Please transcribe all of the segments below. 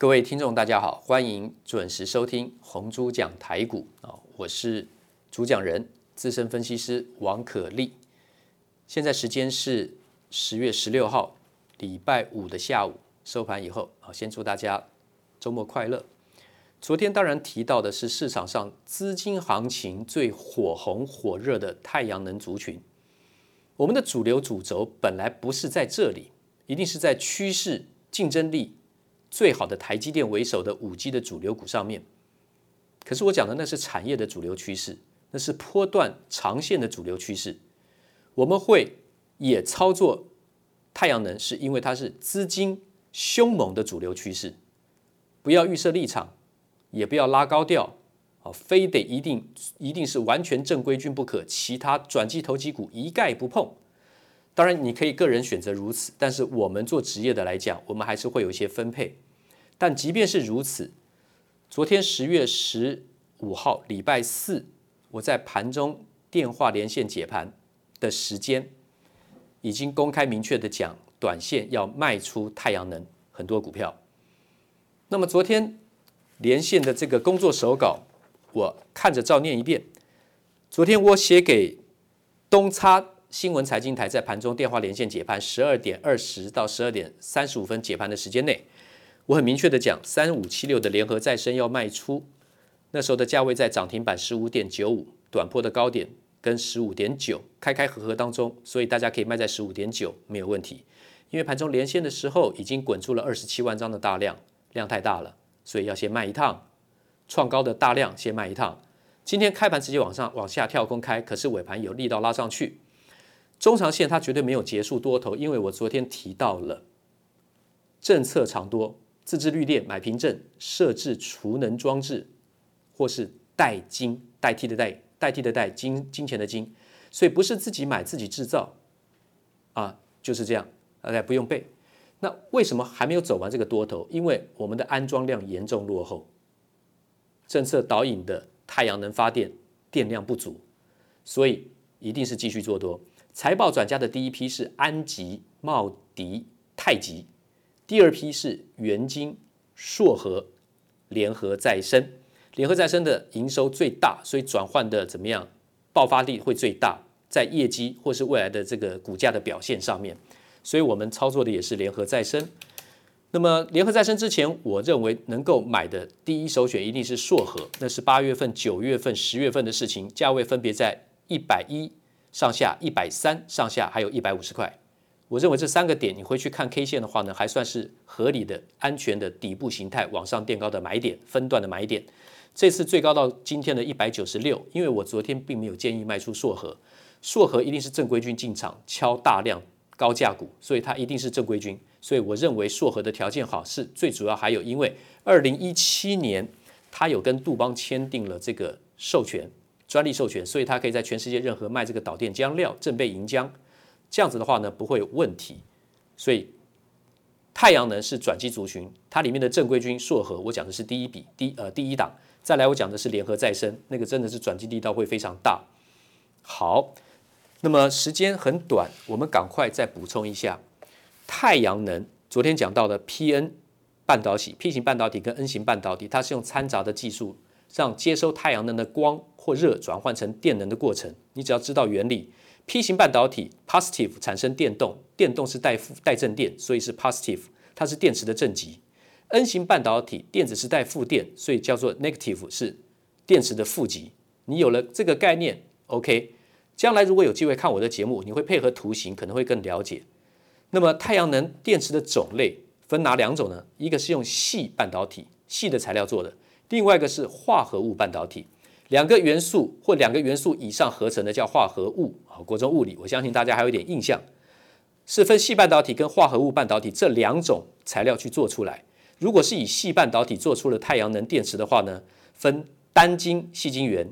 各位聽眾，大家好，歡迎準時收聽紅豬講台股啊，我是主講人資深分析師王可立。現在時間是十月十六號禮拜五的下午收盤以後啊，先祝大家周末快樂。昨天當然提到的是市場上資金行情最火紅火熱的太陽能族群。我們的主流主軸本來不是在這裡，一定是在趨勢競爭力。最好的台積電為首的五 G 的主流股上面，可是我講的那是產業的主流趨勢，那是波段長線的主流趨勢。我們會也操作太陽能，是因為它是資金兇猛的主流趨勢。不要預設立場，也不要拉高調啊，非得一定一定是完全正規軍不可，其他轉機投機股一概不碰。當然，你可以個人選擇如此，但是我們做職業的來講，我們還是會有一些分配。但即便是如此，昨天十月十五號禮拜四，我在盤中電話連線解盤的時間，已經公開明確地講，短線要賣出太陽能很多股票。那麼昨天連線的這個工作手稿，我看着照念一遍。昨天我寫給東昌，新聞財經台在盤中電話連線解盤，十二點二十到十二點三十五分解盤的時間內，我很明確的講，三五七六的聯合再生要賣出，那時候的價位在漲停板十五點九五，短波的高點跟十五點九，開開合合當中，所以大家可以賣在十五點九沒有問題。因為盤中連線的時候已經滾出了二十七萬張的大量，量太大了，所以要先賣一趟，創高的大量先賣一趟。今天開盤直接往上往下跳空開，可是尾盤有力道拉上去。中長線它絕對沒有結束多頭，因為我昨天提到了政策長多，自制綠電、買憑證、設置儲能裝置，或是代金，代替的代，代替的代金，金錢的金，所以不是自己買自己制造，啊，就是這樣，大家不用背。那為什麼還沒有走完這個多頭？因為我們的安裝量嚴重落後，政策導引的太陽能發電電量不足，所以一定是繼續做多。財報轉佳的第一批是安吉、茂迪、太極，第二批是元晶、碩禾、聯合再生。聯合再生的營收最大，所以轉換的怎麼樣爆發力會最大，在業績或是未來的這個股價的表現上面，所以我們操作的也是聯合再生。那麼聯合再生之前，我認為能夠買的第一首選一定是碩禾，那是八月份、九月份、十月份的事情，價位分別在一百一。上下一百三，上下還有一百五十塊。我認為這三個點，你回去看 K 線的話呢，還算是合理的、安全的底部形態，往上墊高的買點，分段的買點。這次最高到今天的一百九十六，因為我昨天並沒有建議賣出碩禾，碩禾一定是正規軍進場敲大量高價股，所以它一定是正規軍。所以我認為碩禾的條件好，是最主要。還有，因為二零一七年他有跟杜邦簽訂了這個授權。專利授權，所以它可以在全世界任何賣這個導電漿料、正背銀漿，這樣子的話呢，不會有問題。所以，太陽能是轉機族群，它裡面的正規軍碩禾，我講的是第一筆，第一呃第一檔。再來，我講的是聯合再生，那個真的是轉機，力道會非常大。好，那麼時間很短，我們趕快再補充一下太陽能。昨天講到的 P-N 半導體，P 型半導體跟 N 型半導體，它是用摻雜的技術。讓接收太陽能的光或熱轉換成電能的過程，你只要知道原理。P 型半導體 （positive） 產生電洞，電洞是帶負帶正電，所以是 positive，它是電池的正極。N 型半導體電子是帶負電，所以叫做 negative，是電池的負極。你有了這個概念，OK。將來如果有機會看我的節目，你會配合圖形可能會更了解。那麼太陽能電池的種類分哪兩種呢？一個是用矽半導體矽的材料做的。另外一個是化合物半導體，兩個元素或兩個元素以上合成的叫化合物。啊、哦，國中物理，我相信大家還有一點印象，是分矽半導體跟化合物半導體這兩種材料去做出來。如果是以矽半導體做出了太陽能電池的話呢，分單晶矽晶圓、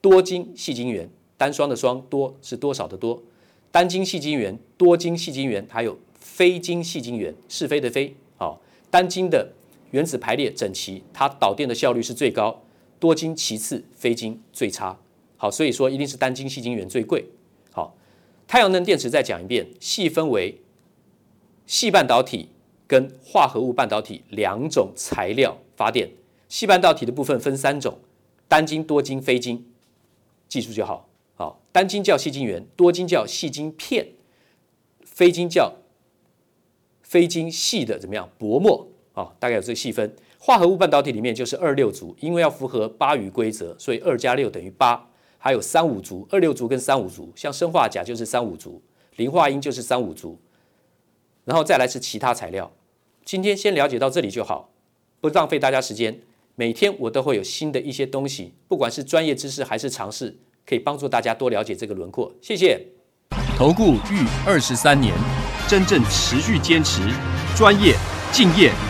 多晶矽晶圓，單雙的雙、多是多少的多、單晶矽晶圓、多晶矽晶圓，還有非晶矽晶圓，是非的非。啊、哦，單晶的。原子排列整齊，它導電的效率是最高，多晶其次，非晶最差。好，所以說一定是單晶矽晶圓最貴。好，太陽能電池再講一遍，細分為矽半導體跟化合物半導體兩種材料發電。矽半導體的部分分三種：單晶、多晶、非晶。記住就好。好，單晶叫矽晶圓，多晶叫矽晶片，非晶叫非晶矽的怎麼樣？薄膜。啊、哦，大概有這個細分，化合物半導體裡面就是二六族，因為要符合八隅規則，所以二加六等於八，還有三五族，二六族跟三五族，像砷化鎵就是三五族，磷化铟就是三五族，然後再來是其他材料。今天先了解到這裡就好，不浪費大家時間。每天我都會有新的一些東西，不管是專業知識還是常識，可以幫助大家多了解這個輪廓。謝謝，投顧逾二十三年，真正持續堅持，專業敬業。